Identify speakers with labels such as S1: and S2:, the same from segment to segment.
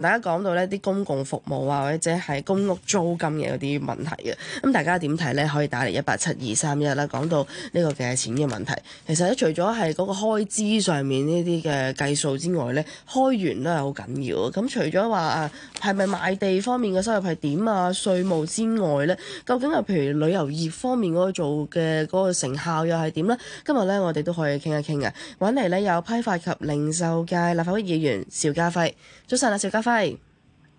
S1: 大家講到呢啲公共服務啊，或者係公屋租金嘅嗰啲問題嘅，咁大家點睇呢？可以打嚟一八七二三一啦。講到呢個嘅錢嘅問題，其實咧除咗係嗰個開支上面呢啲嘅計數之外呢，開源都係好緊要。咁除咗話啊，係咪賣地方面嘅收入係點啊？稅務之外呢，究竟係譬如旅遊業方面嗰個做嘅嗰個成效又係點呢？今日呢，我哋都可以傾一傾嘅，揾嚟呢有批發及零售界立法會議員邵家輝。早晨啊，邵家輝。
S2: 係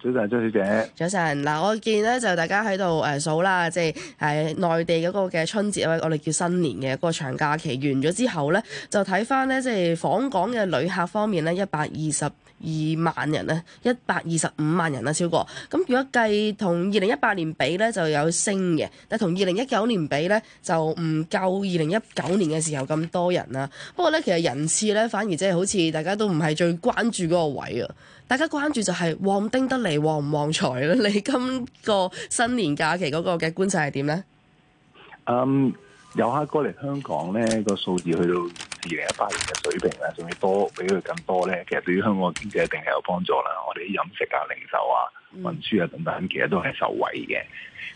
S2: 早晨，張小姐。
S1: 早晨嗱，我見咧就大家喺度誒數啦，即係喺內地嗰個嘅春節啊，我哋叫新年嘅個長假期完咗之後咧，就睇翻咧即係訪港嘅旅客方面咧一百二十二萬人啦，一百二十五萬人啦，超過。咁如果計同二零一八年比咧，就有升嘅。但同二零一九年比咧，就唔夠二零一九年嘅時候咁多人啦。不過咧，其實人次咧反而即係好似大家都唔係最關注嗰個位啊。大家關注就係旺丁得嚟旺唔旺財啦。你今個新年假期嗰個嘅觀察係點咧？
S2: 嗯、um...。遊客過嚟香港咧，個數字去到二零一八年嘅水平咧，仲要多比佢更多咧，其實對於香港嘅經濟一定係有幫助啦。我哋啲飲食啊、零售啊、運輸啊等等，其實都係受惠嘅。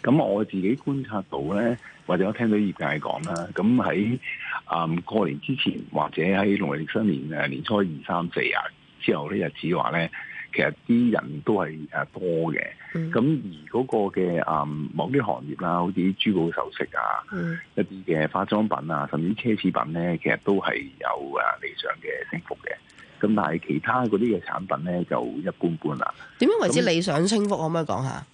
S2: 咁我自己觀察到咧，或者我聽到業界講啦，咁喺啊過年之前，或者喺農曆新年誒年初二、三四啊之後日呢，日子話咧。其實啲人都係誒多嘅，咁、嗯、而嗰個嘅誒某啲行業啦，好似啲珠寶首飾啊、嗯，一啲嘅化妝品啊，甚至奢侈品咧，其實都係有誒理想嘅升幅嘅。咁但係其他嗰啲嘅產品咧就一般般啦。
S1: 點樣為之理想升幅可唔可以講下？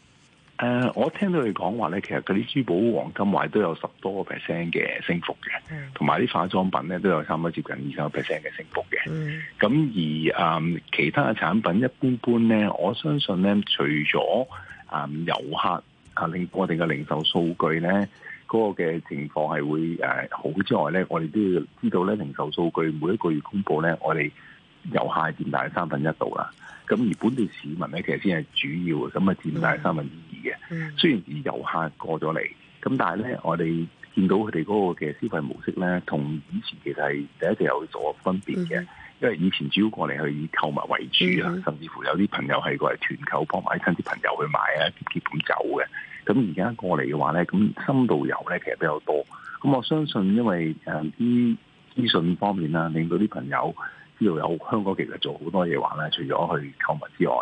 S2: 誒、uh，我聽到你講話咧，其實嗰啲珠寶、黃金、懷都有十多個 percent 嘅升幅嘅，同埋啲化妝品咧都有差唔多接近二十個 percent 嘅升幅嘅。咁、mm. 而誒、嗯、其他嘅產品一般般咧，我相信咧，除咗啊、嗯、遊客啊令我哋嘅零售數據咧嗰、那個嘅情況係會誒、啊、好之外咧，我哋都要知道咧零售數據每一個月公布咧，我哋。遊客佔大三分一度啦，咁而本地市民咧其實先係主要，咁啊佔大三分二嘅。Mm -hmm. 雖然而遊客過咗嚟，咁但係咧我哋見到佢哋嗰個嘅消費模式咧，同以前其實係第一隻有所分別嘅，mm -hmm. 因為以前主要過嚟係以購物為主啊，mm -hmm. 甚至乎有啲朋友係過嚟團購幫埋親戚朋友去買啊，結結咁走嘅。咁而家過嚟嘅話咧，咁深度遊咧其實比較多。咁我相信因為誒啲資訊方面啦，令到啲朋友。呢度有香港其實做好多嘢玩咧，除咗去購物之外，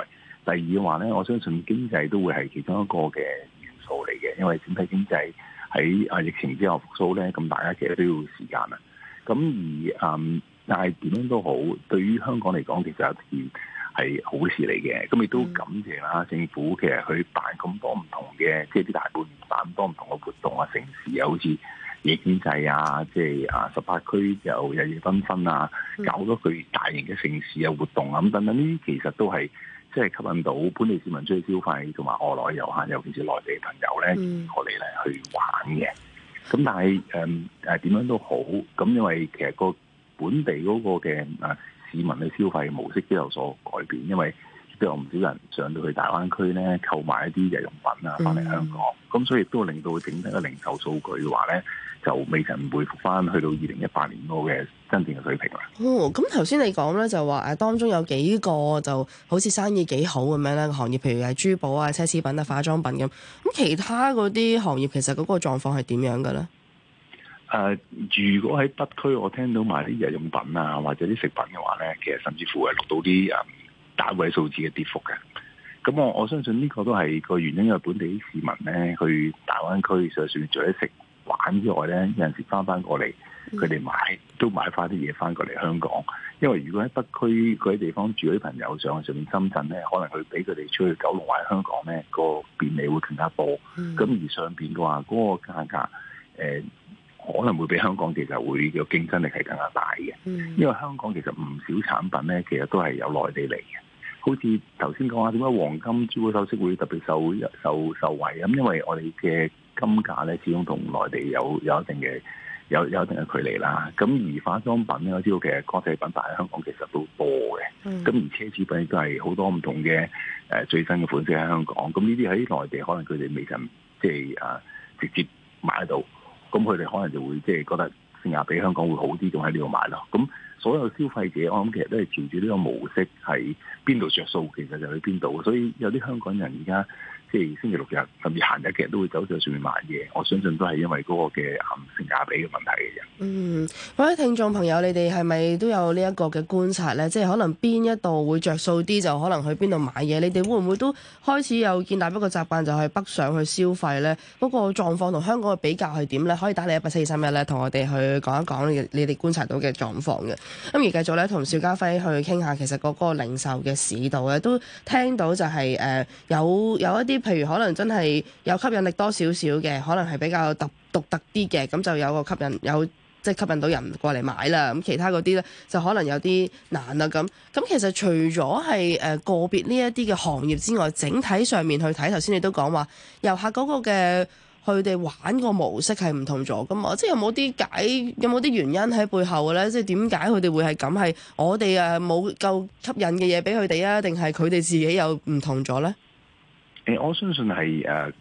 S2: 第二嘅話咧，我相信經濟都會係其中一個嘅元素嚟嘅，因為整體經濟喺啊疫情之後復甦咧，咁大家其實都要時間啊。咁而嗯，但係點樣都好，對於香港嚟講，其實有一件係好事嚟嘅。咁亦都感謝啦，政府其實佢辦咁多唔同嘅，即係啲大半辦多唔同嘅活動啊，城市啊，好似。經濟啊，即係啊，十八區就日夜繽紛，紛啊，搞咗佢大型嘅城市嘅活動啊，咁、mm. 等等呢，啲其實都係即係吸引到本地市民出去消費，同埋外來遊客，尤其是內地朋友咧過嚟咧去玩嘅。咁但係誒誒點樣都好，咁因為其實個本地嗰個嘅誒市民嘅消費模式都有所改變，因為都有唔少人上到去大灣區咧購買一啲日用品啊，翻嚟香港，咁、mm. 嗯、所以亦都令到整體嘅零售數據嘅話咧。就未曾回復翻去到二零一八年嗰嘅真正嘅水平
S1: 啦。哦，咁頭先你講咧就話誒，當中有幾個就好似生意幾好咁樣咧，個行業譬如係珠寶啊、奢侈品啊、化妝品咁。咁、啊、其他嗰啲行業其實嗰個狀況係點樣嘅咧？
S2: 誒、呃，如果喺北區，我聽到賣啲日用品啊，或者啲食品嘅話咧，其實甚至乎係錄到啲誒單位數字嘅跌幅嘅。咁我我相信呢個都係個原因，因為本地啲市民咧去大灣區就算做一食。玩之外咧，有陣時翻翻過嚟，佢哋買都買翻啲嘢翻過嚟香港。因為如果喺北區嗰啲地方住嗰啲朋友上上面深圳咧，可能佢俾佢哋出去九龍或者香港咧，嗰個便利會更加多。咁、嗯、而上邊嘅話，嗰、嗰個價格誒、呃、可能會比香港其實會嘅競爭力係更加大嘅。嗯、因為香港其實唔少產品咧，其實都係有內地嚟嘅。好似頭先講話點解黃金、珠寶、首飾會特別受受受惠咁，因為我哋嘅。金價咧，始終同內地有有一定嘅有有一定嘅距離啦。咁而化妝品咧，我知道其實國際品牌喺香港其實都多嘅。咁、嗯、而奢侈品亦都係好多唔同嘅誒最新嘅款式喺香港。咁呢啲喺內地可能佢哋未曾即係、啊、直接買得到，咁佢哋可能就會即係覺得性價比香港會好啲，仲喺呢度買咯。咁所有消費者我諗其實都係隨住呢個模式喺邊度着數，其實就去邊度。所以有啲香港人而家。即係星期六日甚至行日嘅人都會走咗上面買嘢，我相信都係因為嗰個嘅啊性價比嘅問題嘅。嗯，
S1: 各位聽眾朋友，你哋係咪都有呢一個嘅觀察呢？即係可能邊一度會着數啲，就可能去邊度買嘢？你哋會唔會都開始有建立一個習慣，就係北上去消費呢？嗰、那個狀況同香港嘅比較係點呢？可以打你一百四十三一咧，同我哋去講一講你哋觀察到嘅狀況嘅。咁、嗯、而繼續咧，同邵家輝去傾下，其實嗰個零售嘅市道咧，都聽到就係、是呃、有有一啲。譬如可能真係有吸引力多少少嘅，可能係比較獨特獨特啲嘅，咁就有個吸引有即係、就是、吸引到人過嚟買啦。咁其他嗰啲咧，就可能有啲難啦。咁咁其實除咗係誒個別呢一啲嘅行業之外，整體上面去睇，頭先你都講話遊客嗰個嘅佢哋玩個模式係唔同咗噶嘛？即係有冇啲解，有冇啲原因喺背後嘅咧？即係點解佢哋會係咁？係我哋誒冇夠吸引嘅嘢俾佢哋啊？定係佢哋自己又唔同咗咧？
S2: 誒，我相信係誒，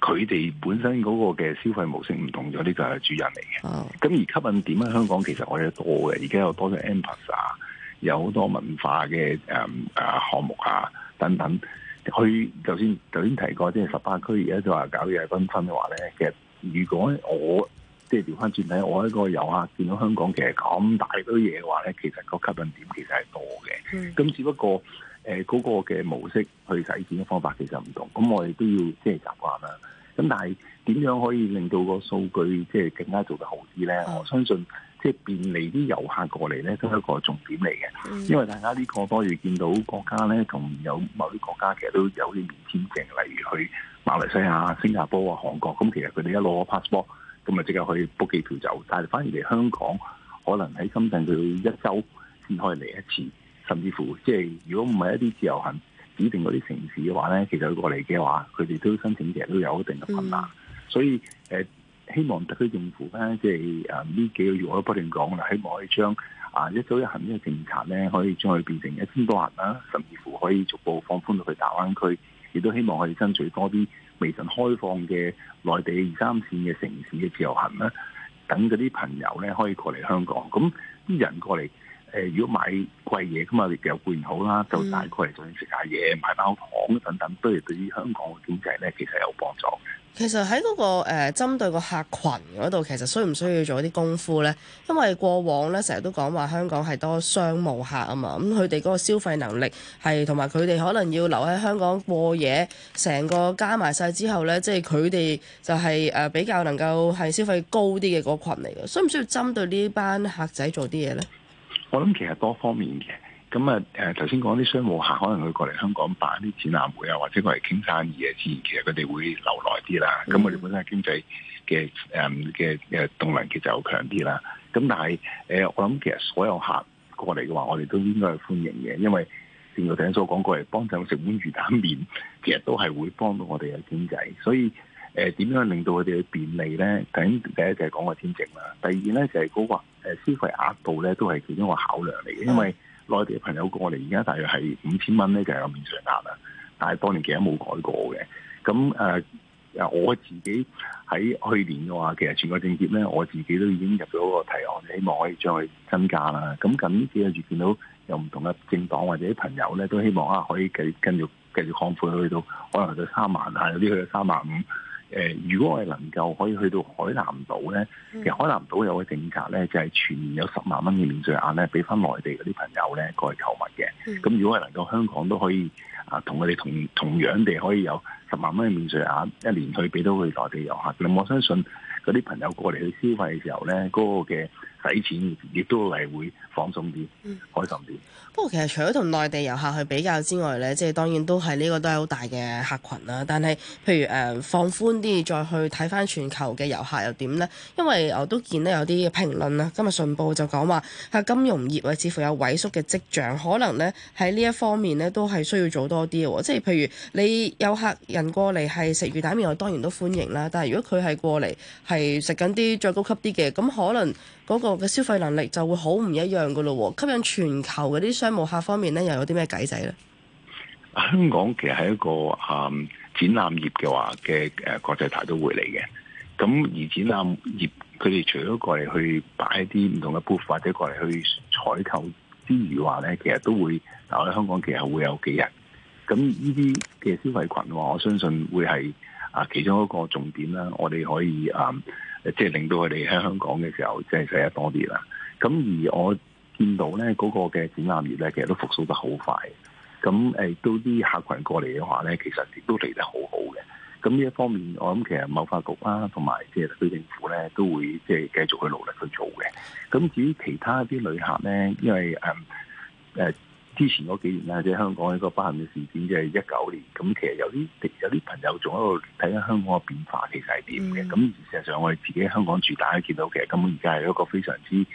S2: 佢哋本身嗰個嘅消費模式唔同咗，呢個係主因嚟嘅。咁、嗯、而吸引點喺香港，其實我哋多嘅，而家有多咗 M+ 啊，有好多文化嘅誒誒項目啊等等。佢頭先頭先提過，即係十八區而家就話搞嘢繽紛嘅話咧，其實如果我即係調翻轉睇，我一個遊客見到香港其實咁大堆嘢嘅話咧，其實個吸引點其實係多嘅。咁、嗯、只不過。誒、那、嗰個嘅模式去發展嘅方法其實唔同，咁我哋都要即係習慣啦。咁但係點樣可以令到個數據即係更加做得好啲咧？我相信即係便利啲遊客過嚟咧都係一個重點嚟嘅，因為大家呢個多月見到國家咧同有某啲國家其實都有啲免簽證，例如去馬來西亞、新加坡啊、韓國，咁其實佢哋一攞個 passport 咁啊即刻可以 book 幾條走，但係反而嚟香港可能喺深圳佢要一周先可以嚟一次。甚至乎，即係如果唔係一啲自由行指定嗰啲城市嘅話咧，其實佢過嚟嘅話，佢哋都申請嘅都有一定嘅困難。所以誒，希望特區政府咧，即係誒呢幾個月我都不斷講啦，希望可以將啊一週一行呢個政策咧，可以將佢變成一千多人啦，甚至乎可以逐步放寬到去大灣區。亦都希望我哋爭取多啲未曾開放嘅內地二三線嘅城市嘅自由行啦，等嗰啲朋友咧可以過嚟香港。咁啲人過嚟。呃、如果買貴嘢噶你又固然好啦。就大概係想食下嘢、買包糖等等，都係對於香港嘅經濟咧，其實有幫助嘅。
S1: 其實喺嗰個呃針對個客群嗰度，其實需唔需要做啲功夫咧？因為過往咧成日都講話香港係多商務客啊嘛，咁佢哋嗰個消費能力係同埋佢哋可能要留喺香港過夜，成個加埋晒之後咧，即係佢哋就係、誒、比較能夠係消費高啲嘅嗰群嚟嘅，需唔需要針對呢班客仔做啲嘢咧？
S2: 我諗其實多方面嘅，咁啊，誒、啊，頭先講啲商務客可能佢過嚟香港辦啲展覽會啊，或者過嚟傾生意啊，自然其實佢哋會留耐啲啦。咁、嗯、我哋本身經濟嘅誒嘅誒動能其實好強啲啦。咁但係誒、啊，我諗其實所有客過嚟嘅話，我哋都應該係歡迎嘅，因為正如艇叔講過，嚟幫手食碗魚蛋麵，其實都係會幫到我哋嘅經濟。所以誒，點、呃、樣令到佢哋去便利咧？第一第一就係講個簽證啦，第二咧就係、是、嗰、那個。消費額度咧都係其中一個考量嚟嘅，因為內地嘅朋友過嚟而家大約係五千蚊咧，就係有面上額啊。但係當年其實都冇改過嘅。咁誒誒，我自己喺去年嘅話，其實全國政協咧，我自己都已經入咗個提案，希望可以再去增加啦。咁近幾個月見到有唔同嘅政黨或者啲朋友咧，都希望啊可以繼跟住繼續擴闊去到可能去到三萬啊，有啲去到三萬五。誒、呃，如果我哋能夠可以去到海南島咧，mm. 其實海南島有個政策咧，就係、是、全年有十萬蚊嘅免稅額咧，俾翻內地嗰啲朋友咧過嚟購物嘅。咁、mm. 如果係能夠香港都可以啊，他們同佢哋同同樣地可以有十萬蚊嘅免稅額，一年去俾到佢內地遊客咁，我相信。嗰啲朋友過嚟去消費嘅時候咧，嗰個嘅使錢亦都係會放鬆啲、嗯，開心啲。
S1: 不過其實除咗同內地遊客去比較之外咧，即係當然都係呢個都係好大嘅客群啦。但係譬如誒放寬啲，再去睇翻全球嘅遊客又點咧？因為我都見到有啲評論啦，今日信報就講話吓金融業啊，似乎有萎縮嘅跡象，可能咧喺呢一方面咧都係需要做多啲喎。即係譬如你有客人過嚟係食魚蛋麵，我當然都歡迎啦。但係如果佢係過嚟係，係食緊啲再高級啲嘅，咁可能嗰個嘅消費能力就會好唔一樣噶咯喎。吸引全球嘅啲商務客方面咧，又有啲咩計仔咧？
S2: 香港其實係一個誒、呃、展覽業嘅話嘅誒國際大都會嚟嘅，咁而展覽業佢哋除咗過嚟去擺啲唔同嘅 booth 或者過嚟去採購之餘話咧，其實都會嗱我哋香港其實會有幾日。咁呢啲嘅消費群嘅話，我相信會係啊其中一個重點啦。我哋可以啊，即、嗯、係、就是、令到佢哋喺香港嘅時候，即係使得多啲啦。咁而我見到咧嗰、那個嘅展覽業咧，其實都復甦得好快。咁誒，到、啊、啲客群過嚟嘅話咧，其實亦都嚟得好好嘅。咁呢一方面，我諗其實旅發局啦、啊，同埋即係區政府咧，都會即係繼續去努力去做嘅。咁至於其他啲旅客咧，因為、嗯嗯之前嗰幾年啦，即係香港一個不幸嘅事件，即係一九年。咁其實有啲有啲朋友仲喺度睇緊香港嘅變化，其實係點嘅？咁事實上，我哋自己喺香港住，大家見到其實根本而家係一個非常之誒、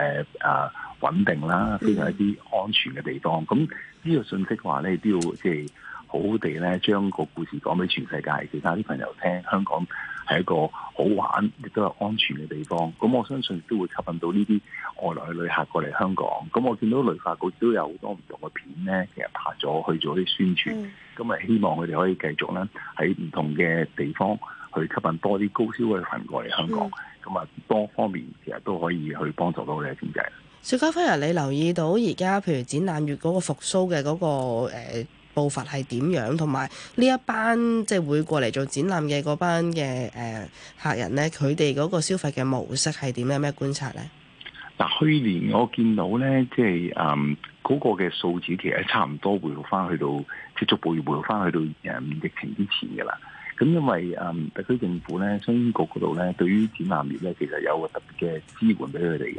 S2: 呃、啊穩定啦，非常一啲安全嘅地方。咁呢個信息話咧，都要即係。就是好好地咧，將個故事講俾全世界其他啲朋友聽。香港係一個好玩亦都係安全嘅地方。咁我相信都會吸引到呢啲外來旅客過嚟香港。咁我見到旅發局都有好多唔同嘅片咧，其實拍咗去做啲宣傳。咁啊，希望佢哋可以繼續咧喺唔同嘅地方去吸引多啲高消嘅群過嚟香港。咁啊，多方面其實都可以去幫助到你嘅經濟。
S1: 邵家輝啊，你留意到而家譬如展覽月嗰個復甦嘅嗰個、呃步伐係點樣？同埋呢一班即係、就是、會過嚟做展覽嘅嗰班嘅誒、呃、客人咧，佢哋嗰個消費嘅模式係點？有咩觀察咧？
S2: 嗱，去年我見到咧，即、就、係、是、嗯嗰、那個嘅數字其實差唔多回復翻去到即係逐步回復翻去到誒疫情之前㗎啦。咁因為嗯特區政府咧，商工局嗰度咧，對於展覽業咧，其實有個特別嘅支援俾佢哋嘅。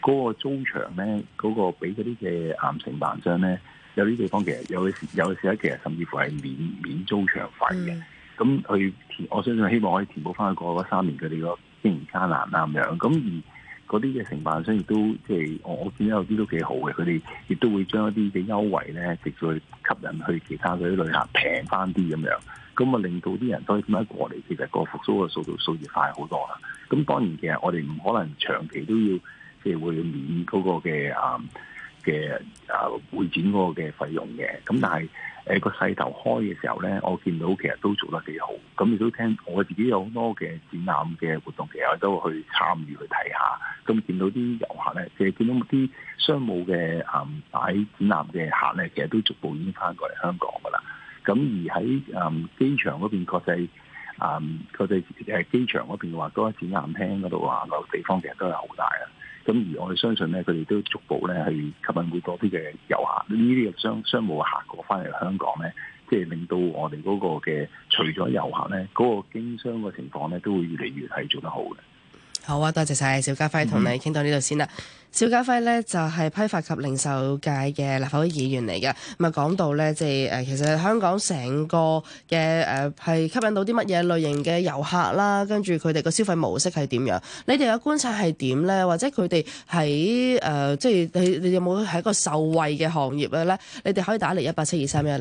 S2: 嗰、那個租場咧，嗰、那個俾嗰啲嘅癌城辦商咧。有啲地方其實有，些有些時有時咧，其實甚至乎係免免租場費嘅。咁、嗯、佢我相信希望可以填補翻過去嗰三年佢哋個經營艱難啦咁樣。咁而嗰啲嘅承辦商亦都即係我我見到有啲都幾好嘅，佢哋亦都會將一啲嘅優惠咧，直去吸引去其他嗰啲旅客平翻啲咁樣。咁啊令到啲人都可以點樣過嚟？其實個復甦嘅速度數字快好多啦。咁當然其實我哋唔可能長期都要即係、就是、會免嗰個嘅啊。嗯嘅、啊、會展嗰個嘅費用嘅，咁但係誒個勢頭開嘅時候咧，我見到其實都做得幾好。咁亦都聽我自己有好多嘅展覽嘅活動，其實我都去參與去睇下。咁見到啲遊客咧，其實見到啲商務嘅啊、嗯、展覽嘅客咧，其實都逐步已經翻過嚟香港噶啦。咁而喺、嗯、機場嗰邊國際啊機場嗰邊嘅話，都喺展覽廳嗰度啊，個地方其實都係好大。咁而我哋相信咧，佢哋都逐步咧去吸引會多啲嘅遊客，呢啲嘅商商務客過翻嚟香港咧，即係令到我哋嗰個嘅除咗遊客咧，嗰、嗰個經商嘅情況咧，都會越嚟越係做得好嘅。
S1: 好啊，多謝晒邵家輝同你傾到呢度先啦。Mm -hmm. 邵家輝咧就係、是、批發及零售界嘅立法會議員嚟嘅，咁啊講到咧即、就是呃、其實香港成個嘅誒係吸引到啲乜嘢類型嘅遊客啦，跟住佢哋個消費模式係點樣？你哋嘅觀察係點咧？或者佢哋喺誒即係你你有冇喺個受惠嘅行業嘅咧？你哋可以打嚟一八七二三一。